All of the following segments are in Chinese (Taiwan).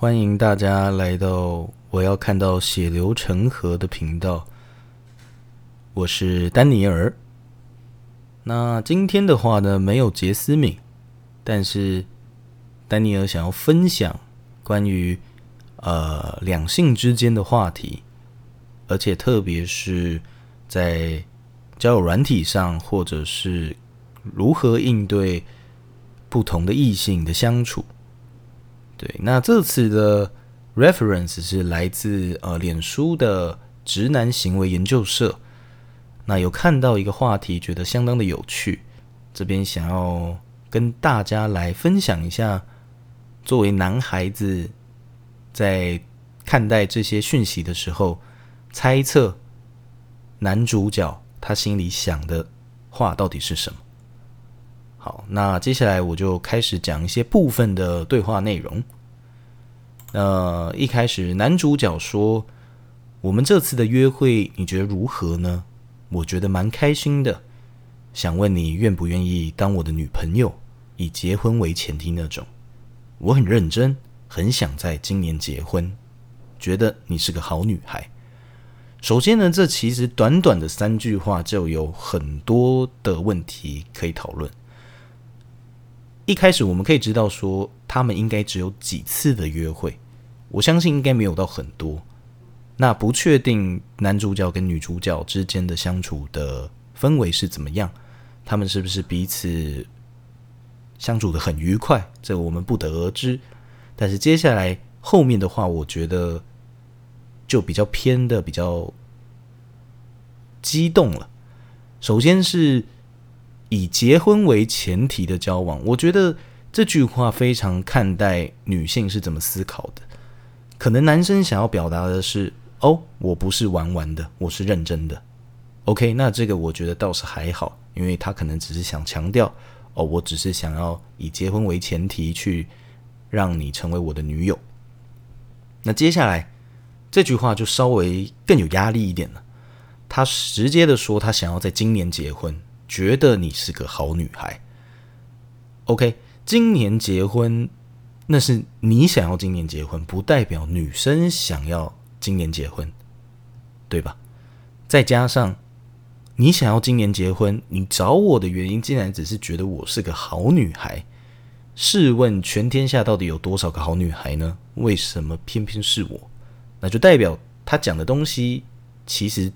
歡迎大家來到我要看到血流成河的頻道，我是丹尼爾。那今天的話呢，沒有杰思敏，但是丹尼爾想要分享關於呃兩性之間的話題，而且特別是在交友軟體上，或者是如何應對不同的異性的相處。對，那這次的 reference 是來自呃臉書的直男行為研究社。那有看到一個話題，覺得相當的有趣，這邊想要跟大家來分享一下。作為男孩子，在看待這些訊息的時候，猜測男主角他心裡想的話到底是什麼。好，那接下來我就開始講一些部分的對話內容。那一開始，男主角說：“我們這次的約會你覺得如何呢？我覺得蠻開心的。想問你願不願意當我的女朋友，以結婚為前提那種。我很認真，很想在今年結婚，覺得你是個好女孩。”首先呢，這其實短短的三句話就有很多的問題可以討論。一開始我們可以知道說，他們應該只有幾次的約會，我相信應該沒有到很多。那不確定男主角跟女主角之間的相處的氛圍是怎麼樣？他們是不是彼此相處的很愉快？這我們不得而知。但是接下來後面的話，我覺得就比較偏的比較激動了。首先是以結婚為前提的交往，我覺得。這句話非常看待女性是怎麼思考的，可能男生想要表達的是：哦，我不是玩玩的，我是認真的。OK，那這個我覺得倒是還好，因為他可能只是想強調：哦，我只是想要以結婚為前提去讓你成為我的女友。那接下來這句話就稍微更有壓力一點了，他直接的說他想要在今年結婚，覺得你是個好女孩。OK。今年結婚，那是你想要今年結婚，不代表女生想要今年結婚，對吧？再加上你想要今年結婚，你找我的原因竟然只是覺得我是個好女孩，試問全天下到底有多少個好女孩呢？為什麼偏偏是我？那就代表他講的東西其實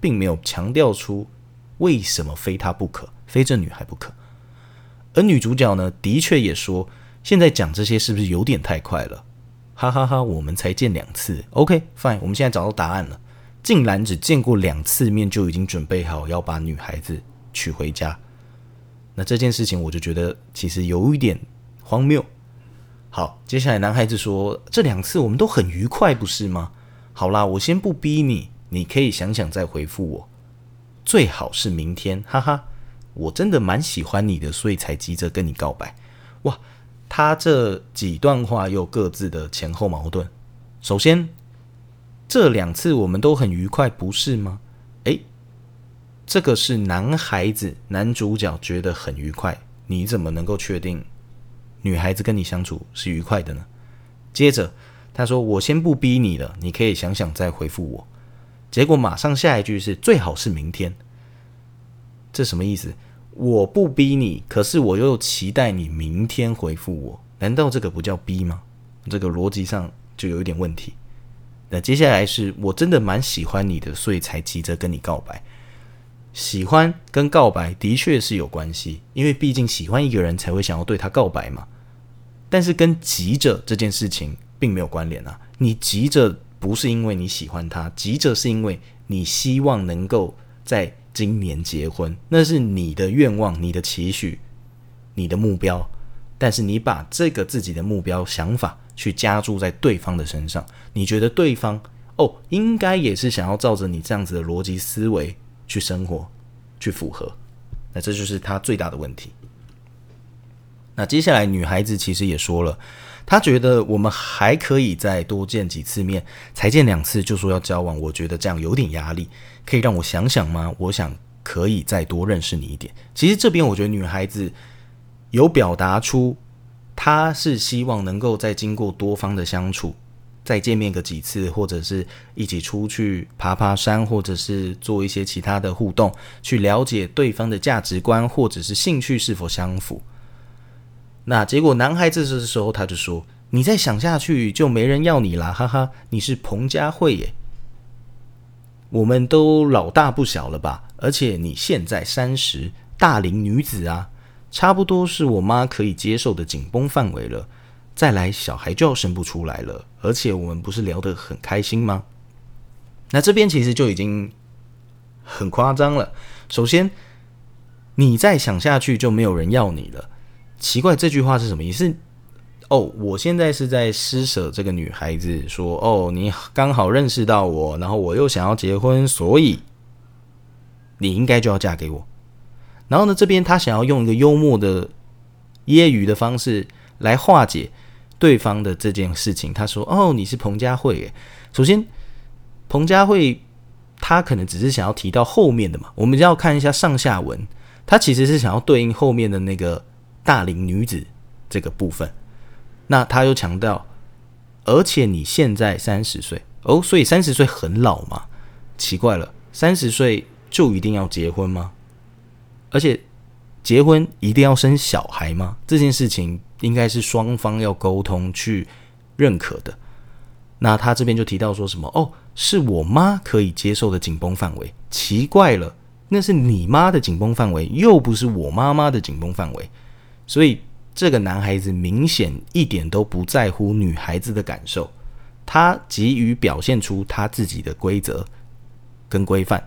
並沒有強調出為什麼非她不可，非這女孩不可。而女主角呢，的確也說，現在講這些是不是有點太快了？哈哈哈哈，我們才見兩次，OK, fine，我們現在找到答案了，竟然只見過兩次面就已經準備好要把女孩子娶回家，那這件事情我就覺得其實有一點荒謬。好，接下來男孩子說，這兩次我們都很愉快，不是嗎？好啦，我先不逼你，你可以想想再回復我，最好是明天，哈哈。我真的蠻喜歡你的，所以才急着跟你告白。哇，他這幾段話又各自的前後矛盾。首先，這兩次我們都很愉快，不是嗎？誒，這個是男孩子，男主角覺得很愉快，你怎麼能夠確定女孩子跟你相處是愉快的呢？接着他說：“我先不逼你了，你可以想想再回復我。”結果馬上下一句是：“最好是明天。”這什麼意思？我不逼你，可是我又期待你明天回覆我，難道這個不叫逼嗎？這個邏輯上就有一點問題。那接下來是我真的蠻喜歡你的，所以才急着跟你告白。喜歡跟告白的確是有關係，因為畢竟喜歡一個人才會想要對他告白嘛。但是跟急着這件事情並沒有關聯啊。你急着不是因為你喜歡他，急着是因為你希望能夠在。今年結婚，那是你的願望、你的期許、你的目標。但是你把這個自己的目標想法，去加注在對方的身上，你覺得對方哦，應該也是想要照着你這樣子的邏輯思維去生活，去符合。那這就是他最大的問題。那接下來女孩子其實也說了。他覺得我們還可以再多見幾次面，才見兩次就說要交往，我覺得這樣有點壓力。可以讓我想想嗎？我想可以再多認識你一點。其實這邊我覺得女孩子有表達出，她是希望能夠再經過多方的相處，再見面個幾次，或者是一起出去爬爬山，或者是做一些其他的互動，去了解對方的價值觀或者是興趣是否相符。那結果，男孩子這時候他就說：“你再想下去，就沒人要你啦。”哈哈，你是彭佳慧耶，我們都老大不小了吧？而且你現在三十，大齡女子啊，差不多是我媽可以接受的緊繃範圍了。再來，小孩就要生不出來了。而且我們不是聊得很開心嗎？那這邊其實就已經很誇張了。首先，你再想下去，就沒有人要你了。奇怪，這句話是什麼意思是？哦，我現在是在施捨這個女孩子，說哦，你剛好認識到我，然後我又想要結婚，所以你應該就要嫁給我。然後呢，這邊他想要用一個幽默的、揶揄的方式來化解對方的這件事情。他說：“哦，你是彭佳慧欸。”首先，彭佳慧她可能只是想要提到後面的嘛，我們要看一下上下文。她其實是想要對應後面的那個。大齡女子這個部分，那他又強調，而且你現在三十歲哦，所以三十歲很老嗎？奇怪了，三十歲就一定要結婚嗎？而且結婚一定要生小孩嗎？這件事情應該是雙方要溝通去認可的。那他這邊就提到說什麼哦，是我媽可以接受的緊繃範圍，奇怪了，那是你媽的緊繃範圍，又不是我媽媽的緊繃範圍。所以這個男孩子明顯一點都不在乎女孩子的感受，他急於表現出他自己的規則跟規範，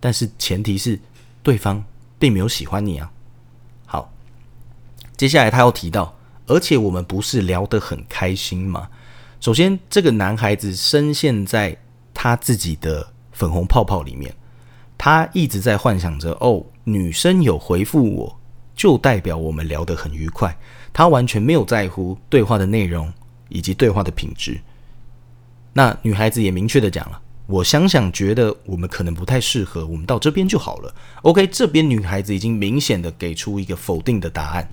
但是前提是對方並沒有喜歡你啊。好，接下來他又提到，而且我們不是聊得很開心嗎？首先，這個男孩子深陷在他自己的粉紅泡泡裡面，他一直在幻想着哦，女生有回復我。就代表我們聊得很愉快，他完全沒有在乎對話的內容以及對話的品質。那女孩子也明確的講了，我想想覺得我們可能不太適合，我們到這邊就好了。OK，這邊女孩子已經明顯的給出一個否定的答案。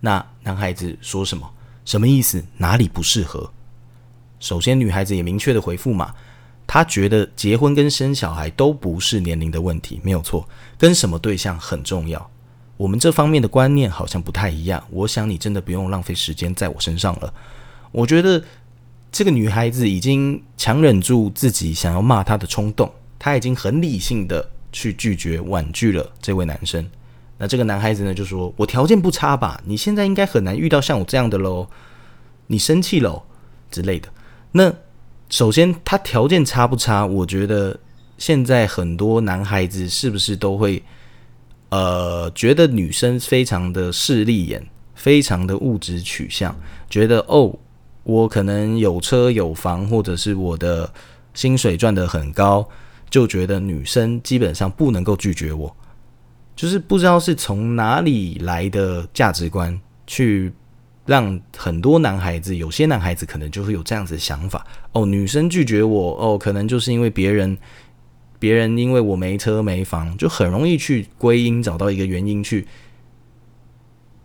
那男孩子說什麼？什麼意思？哪裡不適合？首先，女孩子也明確的回復嘛，她覺得結婚跟生小孩都不是年齡的問題，沒有錯，跟什麼對象很重要。我們這方面的觀念好像不太一樣，我想你真的不用浪費時間在我身上了。我覺得這個女孩子已經強忍住自己想要罵他的衝動，她已經很理性的去拒絕婉拒了這位男生。那這個男孩子呢，就說我條件不差吧，你現在應該很難遇到像我這樣的嘍，你生氣嘍之類的。那首先他條件差不差？我覺得現在很多男孩子是不是都會？呃，覺得女生非常的勢利眼，非常的物質取向，覺得哦，我可能有車有房，或者是我的薪水賺得很高，就覺得女生基本上不能夠拒絕我，就是不知道是從哪裡來的價值觀，去讓很多男孩子，有些男孩子可能就會有這樣子的想法，哦，女生拒絕我，哦，可能就是因為別人。別人因為我沒車沒房，就很容易去歸因，找到一個原因去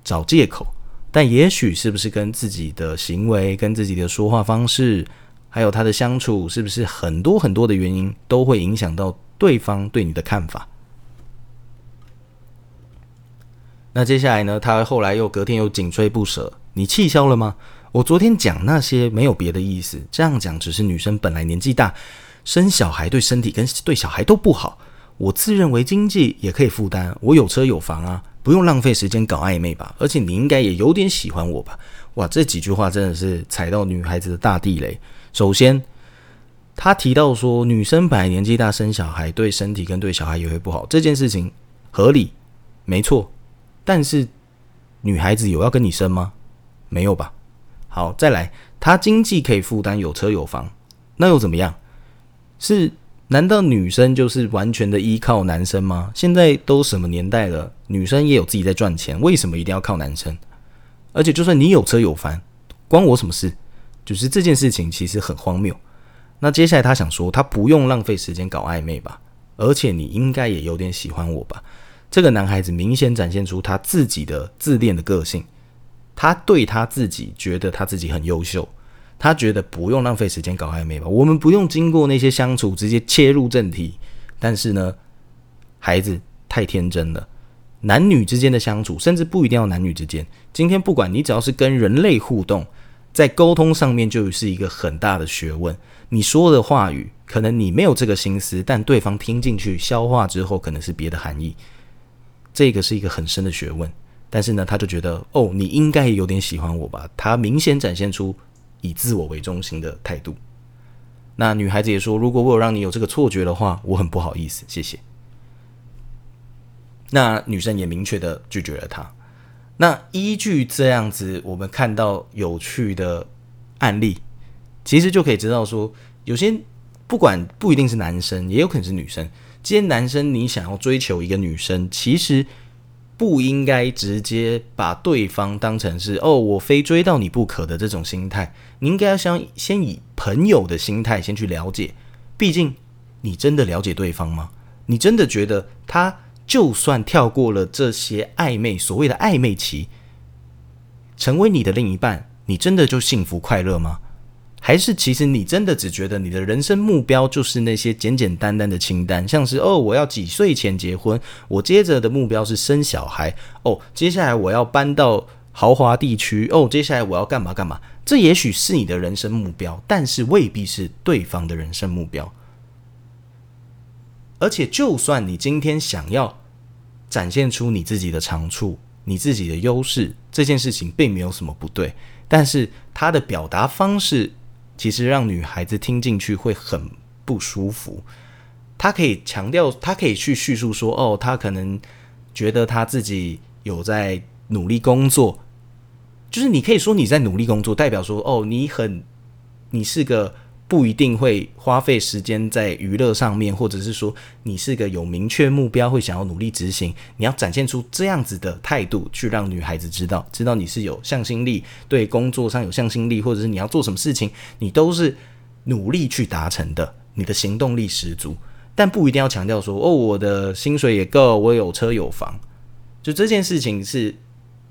找借口。但也許是不是跟自己的行為、跟自己的說話方式，還有他的相處，是不是很多很多的原因都會影響到對方對你的看法？那接下來呢？他後來又隔天又緊追不捨，你氣消了嗎？我昨天講那些沒有別的意思，這樣講只是女生本來年紀大。生小孩對身體跟對小孩都不好，我自認為經濟也可以負擔，我有車有房啊，不用浪費時間搞曖昧吧。而且你應該也有點喜歡我吧？哇，這幾句話真的是踩到女孩子的大地雷。首先，他提到說女生本來年紀大，生小孩對身體跟對小孩也會不好，這件事情合理沒錯，但是女孩子有要跟你生嗎？沒有吧。好，再來，他經濟可以負擔，有車有房，那又怎麼樣？是，難道女生就是完全的依靠男生嗎？現在都什麼年代了，女生也有自己在賺錢，為什麼一定要靠男生？而且就算你有車有房，關我什麼事？就是這件事情其實很荒謬。那接下來他想說，他不用浪費時間搞曖昧吧？而且你應該也有點喜歡我吧？這個男孩子明顯展現出他自己的自戀的個性，他對他自己覺得他自己很優秀。他覺得不用浪費時間搞曖昧吧，我們不用經過那些相處，直接切入正題。但是呢，孩子太天真了，男女之間的相處，甚至不一定要男女之間。今天不管你只要是跟人類互動，在溝通上面就是一個很大的學問。你說的話語，可能你沒有這個心思，但對方聽進去、消化之後，可能是別的含義。這個是一個很深的學問。但是呢，他就覺得哦，你應該有點喜歡我吧？他明顯展現出。以自我為中心的態度，那女孩子也說：“如果我有讓你有這個錯覺的話，我很不好意思。”謝謝。那女生也明確的拒絕了他。那依據這樣子，我們看到有趣的案例，其實就可以知道說，有些不管不一定是男生，也有可能是女生。這些男生你想要追求一個女生，其實。不應該直接把對方當成是，哦，我非追到你不可的這種心態。你應該要先，先以朋友的心態先去了解，畢竟你真的了解對方嗎？你真的覺得他就算跳過了這些曖昧，所謂的曖昧期，成為你的另一半，你真的就幸福快樂嗎？還是，其實你真的只覺得你的人生目標就是那些簡簡單單的清單，像是哦，我要幾歲前結婚，我接着的目標是生小孩，哦，接下來我要搬到豪華地區，哦，接下來我要幹嘛幹嘛。這也許是你的人生目標，但是未必是對方的人生目標。而且，就算你今天想要展現出你自己的長處、你自己的優勢，這件事情並沒有什麼不對，但是他的表達方式，其實讓女孩子聽進去會很不舒服。她可以強調，她可以去敘述說：“哦，她可能覺得她自己有在努力工作，就是你可以說你在努力工作，代表說，哦，你很，你是個。”不一定會花費時間在娛樂上面，或者是說你是個有明確目標，會想要努力執行。你要展現出這樣子的態度，去讓女孩子知道，知道你是有向心力，對工作上有向心力，或者是你要做什麼事情，你都是努力去達成的，你的行動力十足。但不一定要強調說，哦，我的薪水也夠，我有車有房，就這件事情是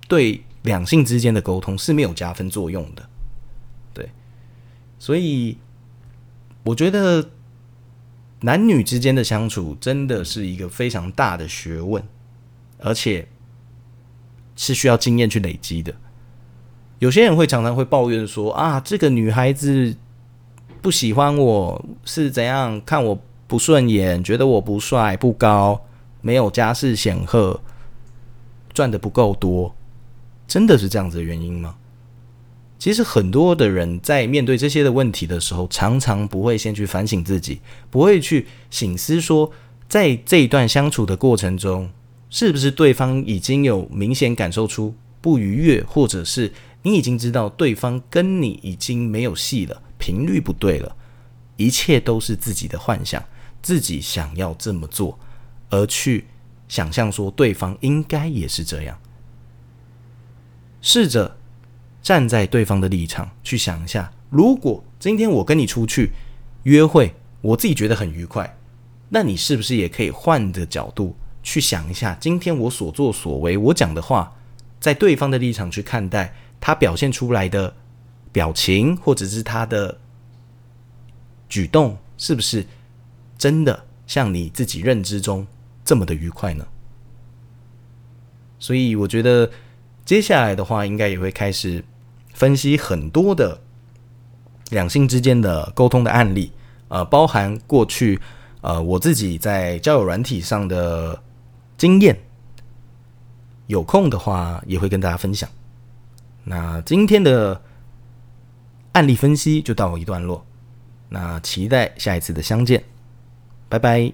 對兩性之間的溝通是沒有加分作用的。對，所以。我覺得男女之間的相處真的是一個非常大的學問，而且是需要經驗去累積的。有些人會常常會抱怨說：“啊，這個女孩子不喜歡我是怎樣，看我不順眼，覺得我不帥、不高，沒有家世顯赫，賺的不夠多。”真的是這樣子的原因嗎？其實很多的人在面對這些的問題的時候，常常不會先去反省自己，不會去省思說，在這一段相處的過程中，是不是對方已經有明顯感受出不愉悅，或者是你已經知道對方跟你已經沒有戲了，頻率不對了，一切都是自己的幻想，自己想要這麼做，而去想象說對方應該也是這樣，試着。站在對方的立場去想一下，如果今天我跟你出去約會，我自己覺得很愉快，那你是不是也可以換個角度去想一下，今天我所作所為，我講的話，在對方的立場去看待，他表現出來的表情或者是他的舉動，是不是真的像你自己認知中這麼的愉快呢？所以我覺得接下來的話，應該也會開始。分析很多的兩性之間的溝通的案例，呃，包含過去呃我自己在交友軟體上的經驗，有空的話也會跟大家分享。那今天的案例分析就到一段落，那期待下一次的相見，拜拜。